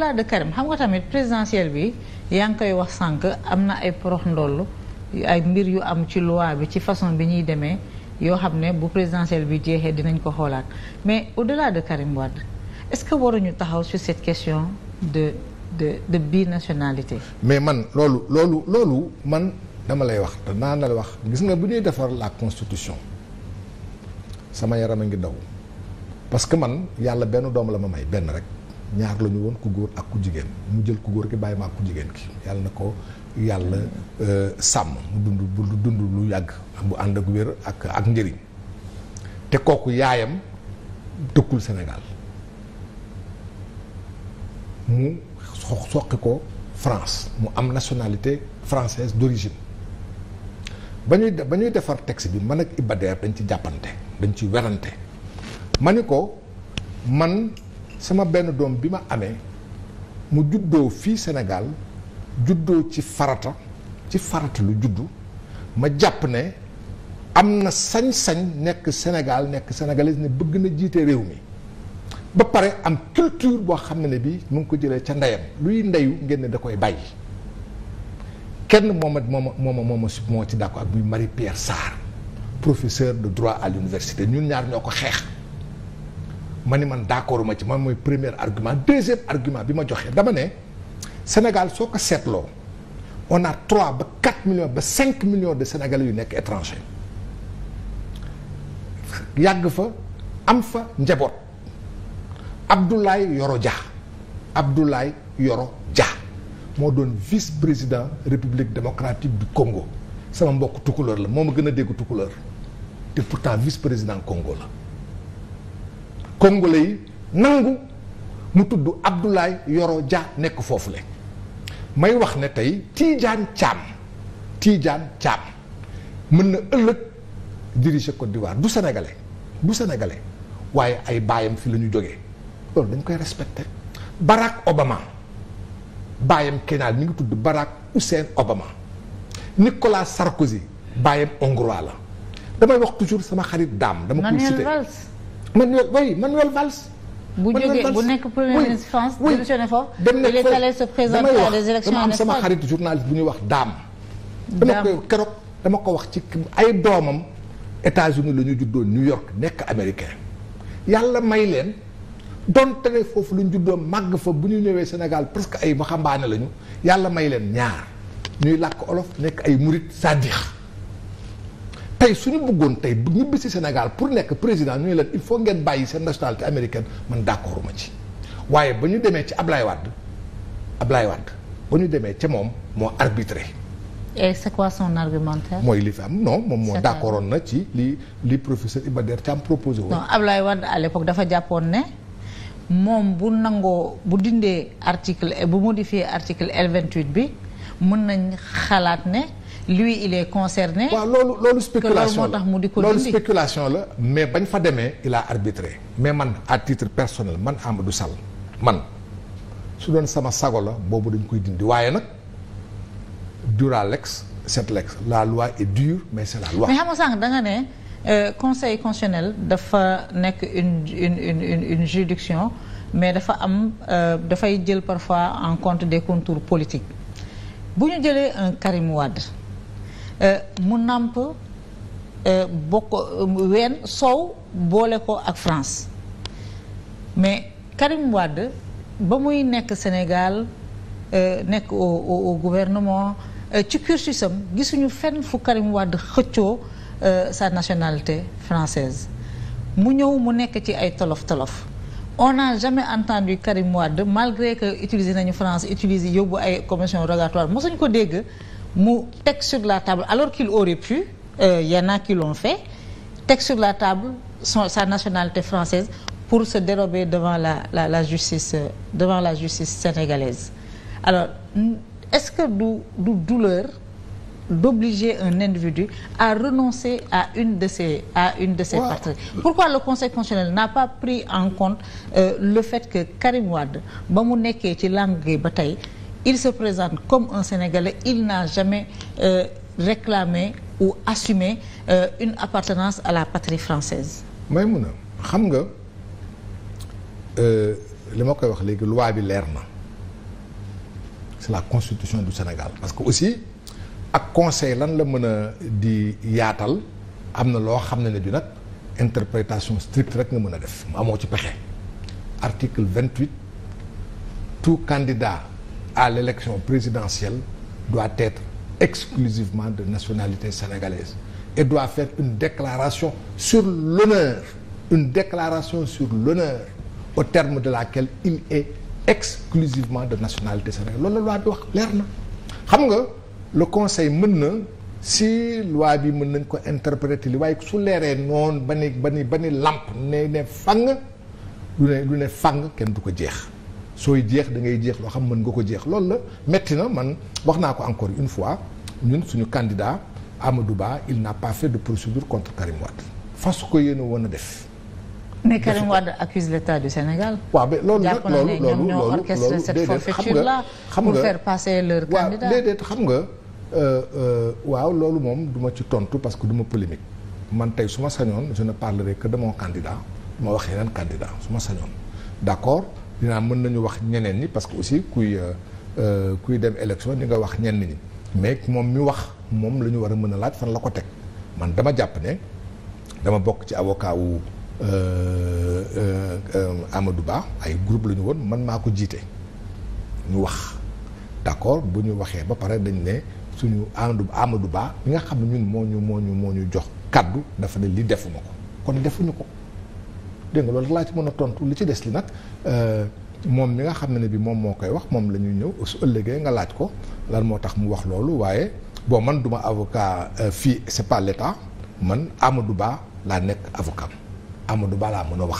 au-delà de Karim xam nga tamit présidentielle bi yaa ngi koy wax sànq am na ay porox ndollu ay mbir yu am ci loi bi ci façon bi ñuy demee yoo xam ne bu présidentielle bi jeexee dinañ ko xoolaat mais au-delà de Karim Wade est-ce que waruñu taxaw sur cette question de de de binationalité. mais man loolu loolu loolu man dama lay wax te naan la wax gis nga bu ñuy defar la constitution sama yaram a ngi daw parce que man yàlla benn doom la ma may benn rek. ñaar la ñu woon ku góor ak ku jigéen mu jël ku góor ki bàyyi ma ak ku jigéen ki yàlla na ko yàlla euh, sàmm mu dund bu dund lu yàgg bu ànd ak wér ak ak njëriñ te kooku yaayam dëkkul Sénégal mu soqi ko France mu am nationalité française d'origine ba ñuy ba ñuy defar texte bi man ak Ibader dañ ci jàppante dañ ci werante ma ni ko man sama benn doom bi ma amee mu juddoo fii Sénégal juddoo ci farata ci farata lu juddu ma jàpp ne am na sañ-sañ nekk Sénégal nekk sénégalais ne bëgg na jiite réew mi ba pare am culture boo xam ne ne bii mu ngi ko jëlee ca ndeyam luy ndeyu ngeen ne da koy bàyyi kenn moom mooma mooma mooma ma moo ci d'accord ak muy Marie Pierre Sarr professeur de droit à l'université ñun ñaar ñoo ko xeex ma ni man d'accord ma ci man mooy premier argument deuxième argument bi ma joxee dama ne Sénégal soo ko seetloo on a trois ba quatre millions ba cinq millions de Sénégalais yu nekk étranger yàgg fa am fa njaboot Abdoulaye Yoro Dia Abdoulaye Yoro Dia moo doon vice-président République démocratique du Congo sama mbokk tukulóor la moo ma gën a dégg tukulóor te pourtant vice-président Congo la congolais yi nangu mu tudd Abdoulaye Yoro Dia nekk foofu le may wax ne tey Tidiane Thiam Tidiane Thiam mën na ëllëg diriger Côte d'Ivoire du sénégalais du sénégalais waaye ay baayam fi la ñu jógee loolu dañ koy respecté Barack Obama baayam Kenya mi ngi tudd Barack Hussein Obama Nicolas Sarkozy baayam hongrois la damay wax toujours sama xarit daam dama koy cité Manuel oui Manuel Valls. bu jógee bu nekk premier ministre France. oui démissionné foofu. dem nekk fa damay wax dama am sama xarit journaliste bu ñuy wax daam dama koy keroog dama ko wax ci ay doomam. États-Unis la ñu juddoo New York nekk américain yàlla may leen donte ne foofu lu ñu juddoo màgg fa bu ñu ñëwee Sénégal parce que ay waxambaane lañu yàlla may leen ñaar ñuy làkk olof nekk ay murit sàddiix tey suñu ñu bëggoon tey bu ñibbi si Sénégal pour nekk président ñu ne leen il faut ngeen bàyyi seen nationalité américaine mën d'accord ma ci waaye ba ñu demee ci Ablaye Wade Ablaye Wade ba ñu demee ci moom moo arbitré. et c'est quoi son argumentaire. mooy li fi am no moom moo d'accordoon na ci li li professeur Iba Der Thiam proposé woon. non Ablaye Wade à dafa jàppoon ne moom bu nangoo bu dindee article bu modifier article L28 bi mën nañ xalaat ne. lui il est concerné. waaw loolu loolu spéculation la loolu spéculation la mais bañ fa demee il a arbitré. mais man à titre personnel man Amadou Sall man su doon sama sago la boobu dañ koy dindi waaye nag dura lex la loi est dure mais c'est la loi. mais xam nga sànq da ne euh, conseil constitutionnel dafa nekk une une une une une mais dafa am euh, dafay jël parfois en compte des contours politiques bu ñu jëlee un Karim Wade. Euh, mu nàmp euh, bokk euh, ween soow boole ko ak France mais Karim Wade ba muy nekk Sénégal nekk au gouvernement ci cursus gisuñu fenn fu Karim Wade xëccoo sa nationalité française mu ñëw mu nekk ci ay tolof tolof on n'a jamais entendu Karim Wade malgré que utiliser nañu France utiliser yóbbu ay commission rogatoire mosuñ ko dégg mu teg sur la table alors qu'il aurait pu euh, qui l'ont fait teg sur la table son sa nationalité française pour se dérober devant la la la justice euh, devant la justice sénégalaise alors est-ce que du du douleur d'obliger un individu à renoncer à une de ses à une de ses ouais. parties pourquoi le conseil constitutionnel n'a pas pris en compte euh, le fait que Karim Wade ba mu nekkee ci langue ba tey il se présente comme un Sénégalais il n'a jamais euh, réclamé ou assumé euh, une appartenance à la patrie française Maïmouna xam nga euh, li ma koy wax léegi loi bi leer na c'est la constitution du Sénégal parce que aussi ak conseil lan la mën a di yaatal am na loo xam ne ne bi nag interprétation stricte rek nga mën a def mu amoo ci pexe article vingt-huit tout candidat à l'élection présidentielle doit de nationalité sénégalaise et doit faire une déclaration sur l'honneur, déclaration sur l'honneur terme de laquelle il est de nationalité sénégalaise loolu la loi bi wax leer na xam nga le conseil mën na si loi bi mën nañ ko interpréter li waaye su leeree noonu ba ni ba ni ba ne ne lu ne lu ne fang kenn du ko jeex sooy jeex da ngay jeex loo xam mën nga ko jeex loolu la metti na man wax naa ko encore une fois ñun suñu candidat Amadou Ba il n'a pas de procédure contre Karim fas su ko yéen woon a def. mais Karim Wade accuse l'État du Sénégal. waaw mais loolu nag loolu loolu loolu ñoo orchestré cette forfaiture là pour faire passer leur candidat waaw xam nga. Euh, euh, waaw loolu moom du ma ci tontu parce que du ma polémique man tey su ma sañoon su ne parlerai que de mon candidat waxee wax yeneen candidat su ma sañoon d'accord. dinaa mën nañu wax ñeneen ñi parce que aussi kuy euh, euh, kuy dem élection di nga wax ñenn ñi mais moom mi wax moom la ñu war a mën a laaj fan la ko teg man dama jàpp ne dama bokk ci avocat wu euh, Amadou Ba ay groupe lañu woon man maa ko jiite ñu wax d'accord bu ñu waxee ba pare dañ ne suñu Amadou Amadou Ba mi nga xam ne ñun moo ñu moo ñu moo ñu jox kaddu dafa ne li defuma ko kon defuñu ko dégg nga loolu laa ci mën a tontu li ci des li nag euh, moom mi nga xam ne bi moom moo koy wax moom la ñuy ñëw su ëllëgee nga laaj ko lan moo tax mu wax loolu waaye bon man duma avocat euh, fii c'est pas l'état man Amadou Ba laa nekk avocat Amadou Ba laa mën a wax.